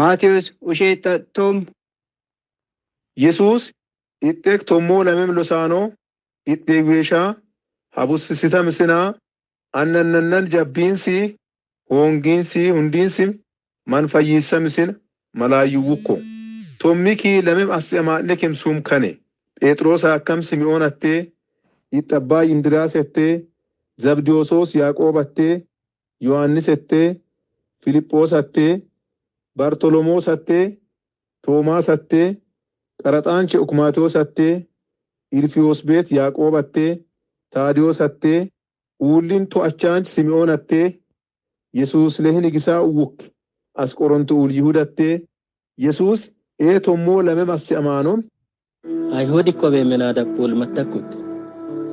ማቴዎስ ኡሼጠቶም የሱስ ኢጤቅ ቶሞ ለምም ሎሳኖ ኢጤግቤሻ ሀቡስፍስተ ምስና አነነነን ጀቢንሲ ሆንጊንሲ ሁንዲንሲም ማንፈይሰ ምስን መላዩውኮ ቶሚኪ ለሜም አስማዕኔክም ሱም ከኔ ጴጥሮስ አከም ስምዖን አቴ ይጠባይ እንድራስ አቴ ዘብዲዮሶስ ያዕቆብ አቴ ዮሐንስ አቴ ፊልጶስ አቴ ባርቶሎሞው ሰቴ፣ ቶማ ሰቴ፣ ቀረጣንቸ ኡኩማቴዎ ሰቴ፣ ኢልፊዮስ ቤት ያዕቆብ አቴ፣ ታዲዮ ሰቴ፣ ውሊን ቶአቻንች ስምዖን አቴ፣ የሱስ ለህን ግሳ ውክ አስቆሮንቱ ውል ይሁድ አቴ የሱስ ኤቶሞ ለመም አስአማኖም አይሁድ እኮ በመናዳቁ ልመተኩት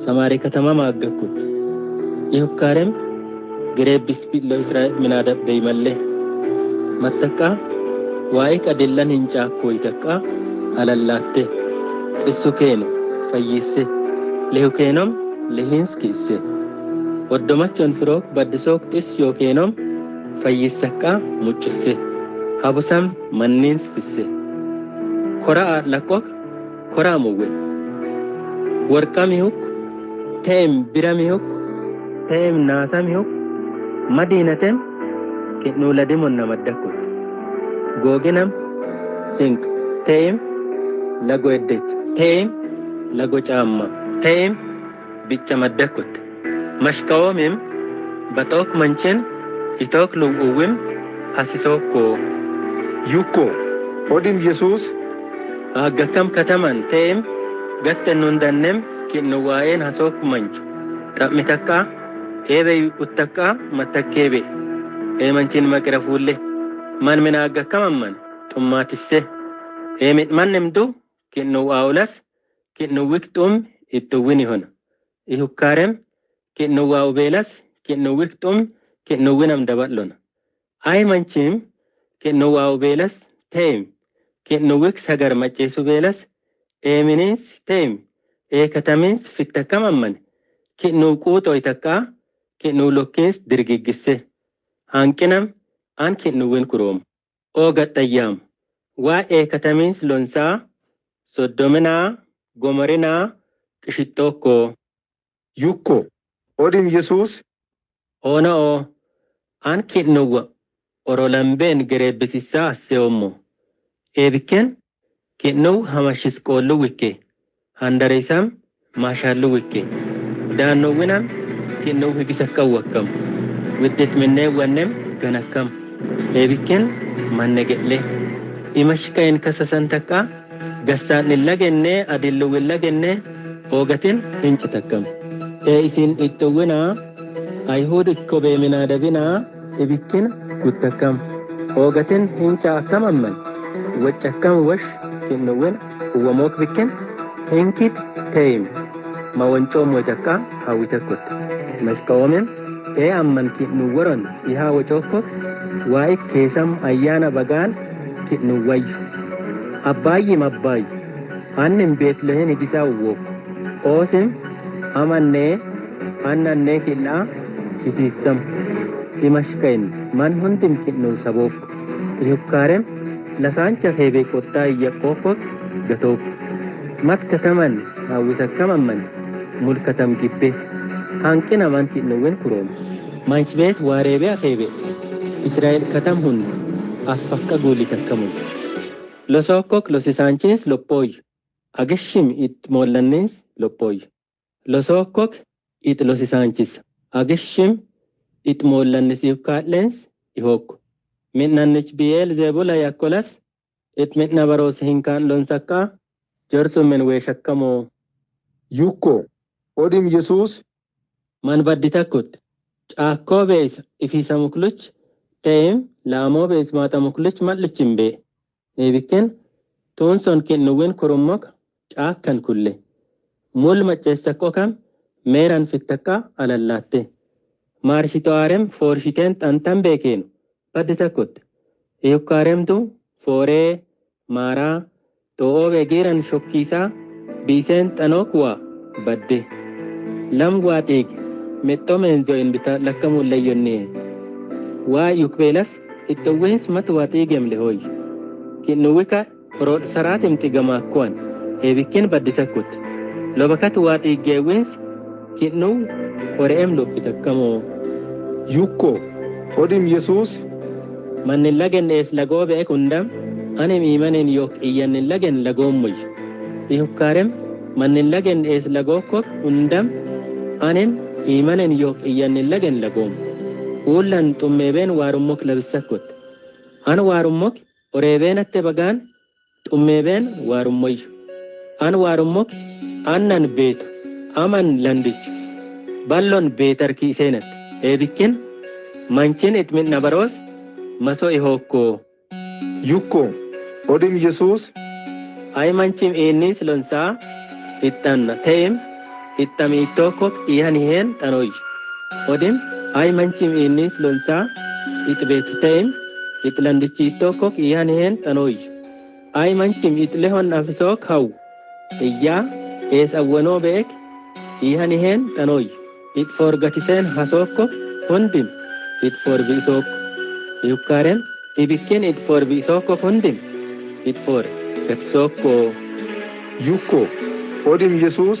ሰማሪ ከተማ ማገኩት ይሁካረም ግሬብስ ቢሎ እስራኤል ምናደብ በይመለህ mattaqqaa waa'ee qadellan hin caakkoo itaqqaa alallaatte xissu keeno fayyisse lehu keenom lehiins kiisse oddomachoon firook baddisook xis yoo keenom fayyissaqqaa muccisse habusam manniins fisse kora lakqok koraa muwwe worqa mihuk te'em bira mihuk te'em naasa mihuk madiinatem ಕಿನ್ನುಲದಿಮುನ್ನ ಮಡ್ಡಕ್ಕುತ್ ಗೋಗಿನಂ ಸಿಂಕ್ ತೇಮ್ ಲಗು ಎದ್ದೆಚ್ ತೇಮ್ ಲಗು ಚಾಮ್ಮ ತೇಮ್ ಬಿಚ್ಚ ಮಡ್ಡಕ್ಕುತ್ ಮಷ್ಕವೋಮಿಂ ಬತೋಕ್ ಮಂಚಿನ್ ಇತೋಕ್ ಲುಗುವಿಂ ಹಸಿಸೋಕ್ಕೋ ዩኮ ሆዲም ኢየሱስ አገከም ከተመን ቴም ገተኑ እንደንም ኪንዋኤን ሀሶክ መንች ጠሚተካ ኤቤ ቁተካ መተኬቤ eemanchiin maqira fuulle man minaaga kamamman xummaatisse eemit mannemdu kinnu waa'ulas kinnu wiqxum ittuwwini hona ihukkaarem kinnu waa'ubeelas kinnu wiqxum kinnu winam dabal'ona ay manchiim kinnu waa'ubeelas teem kinnu wiq sagar macceesu beelas eeminiis teem eekatamiins fittakkamamman kinnu quuxo itakkaa kinnu lokkiins dirgiggisse Hanqina aan kennuwwan kuroom ooga xayyaam waa'ee katamiins lonsaa soddominaa gomorinaa qishixxookkoo yukko odin yesuus ona'oo aan kinnuwwa orolambeen gereebbisisaa se'ommo eebikken kinnow hamashshisqoollu wikke handareysam maashallu wikke daannowwinan kinnow higisakkaw wakkam widetminee wannem ganakkam deebikken mannege'le imashikayen kasasan takka gassaan hin lagenne adillu hin lagenne oogatin hinci takkam ee isin ittuwina ayhuud ikkobeeminaa dabinaa ibikkin guttakkam oogatin hinca akkamamman wacakkam wash kinnuwin uwamook bikken hinkit teeyim mawancoom waytakka hawitakkut mashkawomin ee ammanti nu woron dhihaa wocokko waa'e keessam ayyaana bagaan nu wayyu abbaayye mabbaayyu annin beetlahen higisaa uwwook oosim amannee annannee kidhaa kisiissam dimashkayn man hundim kidnuu sabook riyukkaarem lasaancha feebee qottaa iyya qookkook gatook matkataman hawwisakkamamman mulkatam gibbe hanqinaman kidnuwin kuroome ማንች ቤት ዋሬቢያ ፌቤ እስራኤል ከተም ሁን አፈከ ጉሊ ተከሙ ሎሶኮክ ሎሲሳንቺንስ ሎፖይ አገሽም ኢት ሞለኒንስ ሎፖይ ሎሶኮክ ኢት ሎሲሳንቺስ አገሽም ኢት ሞለኒስ ይካለንስ ይሆኩ ምናንች ቢኤል ዘቡላ ያኮላስ ኢት ምና በሮስ ሂንካን ሎንሰካ ጀርሱ ምን ወሸከሞ ዩኮ ኦዲም ኢየሱስ ማን ባዲታኩት Caakkoo beeysa ifiisa mukluch ta'eem laamoo beeksmaata mukluch mal'ichin bee. Eebikkeen tuunson kennuwwan korommok caakkan kulle. Mul macheessa qokan meeran fittakka alallaatte. Maarshitoaarem foorshiteen xantan beekeenu baddi takkotte. Eeyyukkaareemtu fooree maaraa xoo'oo beegeeran shokkiisaa biiseen xanoo kuwaa badde. Lam waa xeegi. meexxoo meenzi'oo bita bitaa lakkamuun layyonnee waa yukbeelas ittowwehis mata waaxii gemle hooy kinnuwika rood saraatimti gamaakkuwan heebikkin badditakkut lobakat waaxii geewwehis kinnuw hore'em lophitakkamoo yukko odhim yesuus mannin lagen ees lagoo be'ek hundam anem iimanen yook iyyannin lagen lagoommoy ihukkaarem mannin lagen ees lagoo kok hundam anem yok iyan iyyannillagen lagoom Ulan xummeebeen warumok labissakkot an warumok oreben atte bagan xummeebeen warumoy. an warumok annan bet aman landichu ballon beter ki senet. eebikkin manchen itmin nabaros maso ihokko. yukko odin Yesus ay manchim iinnis lonsaa ixxanna te'im ittami tokkok ihan hen tanoj odim ay manchim innis lonsa it beekiteem it landichi tokkok ihan hen tanoj ay manchim it lehon afisok haw iyya ees awwano beek ihan hen tanoj it forgatiseen hasokkok hundim it forbiisok yukkarem ibikken it forbiisokkok hundim it for gatisokko yukko odim yesuus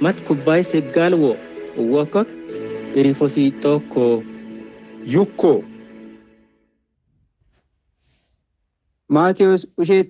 මත් කුබ්බයි සෙක්ගාලුවෝ උවකොක් ඉරිෆොසිීතෝකෝ යුක්කෝ මාතිවස් උෂේ